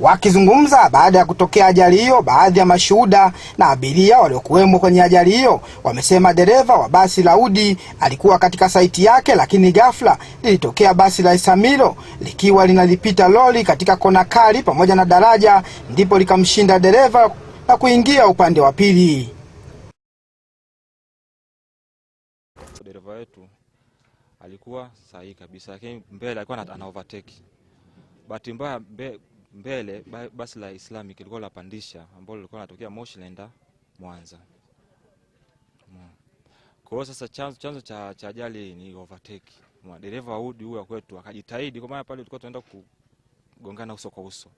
Wakizungumza baada ya kutokea ajali hiyo, baadhi ya mashuhuda na abiria waliokuwemo kwenye ajali hiyo wamesema dereva wa basi la Udi alikuwa katika saiti yake, lakini ghafla lilitokea basi la Isamilo likiwa linalipita lori katika kona kali pamoja na daraja, ndipo likamshinda dereva na kuingia upande wa pili. Dereva wetu alikuwa sahihi kabisa, lakini mbele alikuwa ana overtake, bahati mbaya mbele basi la Islamic lilikuwa lapandisha ambalo lilikuwa moshi Moshlenda Mwanza. Kwa hiyo sasa chanzo, chanzo cha ajali ni overtake. Dereva Audi huyo kwetu akajitahidi kwa maana pale tulikuwa tunaenda kugongana uso kwa uso.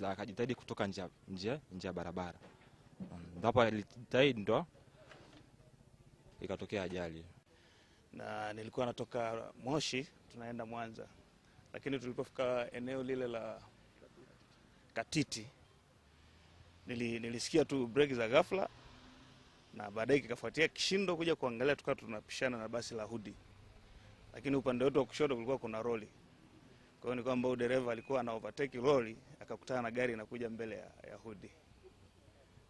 Na akajitahidi kutoka nje nje nje ya barabara. Ndipo alijitahidi ndo ikatokea ajali. Na nilikuwa natoka Moshi tunaenda Mwanza. Lakini tulipofika eneo lile la katiti. Nili, nilisikia tu breki za ghafla na baadaye kikafuatia kishindo kuja kuangalia, tukawa tunapishana na basi la hudi, lakini upande wetu wa kushoto kulikuwa kuna roli. Kwa hiyo ni kwamba dereva alikuwa ana overtake roli akakutana na gari inakuja mbele ya, ya hudi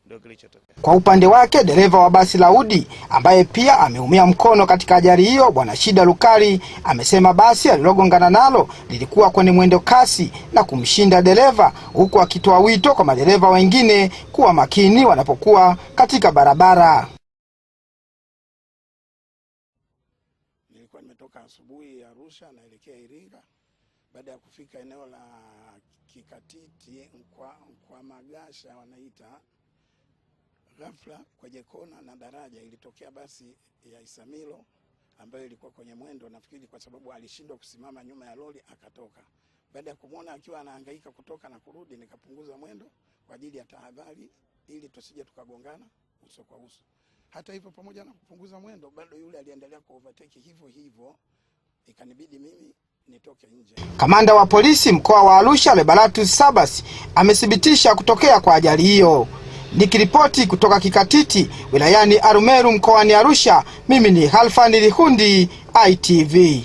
ndio kilichotokea. Kwa upande wake dereva wa basi la Udi ambaye pia ameumia mkono katika ajali hiyo, Bwana Shida Lukali amesema basi alilogongana nalo lilikuwa kwenye mwendo kasi na kumshinda dereva, huku akitoa wito kwa madereva wengine kuwa makini wanapokuwa katika barabara. Nilikuwa nimetoka asubuhi Arusha naelekea Iringa. Baada ya kufika eneo la Kikatiti Nkwa, Nkwa Magasha wanaita ghafla kwenye kona na daraja ilitokea basi ya Isamilo ambayo ilikuwa kwenye mwendo, nafikiri kwa sababu alishindwa kusimama nyuma ya lori akatoka. Baada ya kumwona akiwa anahangaika kutoka na kurudi, nikapunguza mwendo kwa ajili ya tahadhari, ili tusije tukagongana uso kwa uso. Hata hivyo, pamoja na kupunguza mwendo, bado yule aliendelea ku overtake hivyo hivyo, ikanibidi mimi nitoke nje. Kamanda wa polisi mkoa wa Arusha Lebaratu Sabas amethibitisha kutokea kwa ajali hiyo. Nikiripoti kutoka Kikatiti wilayani Arumeru mkoani Arusha, mimi ni Halfani Lihundi, ITV.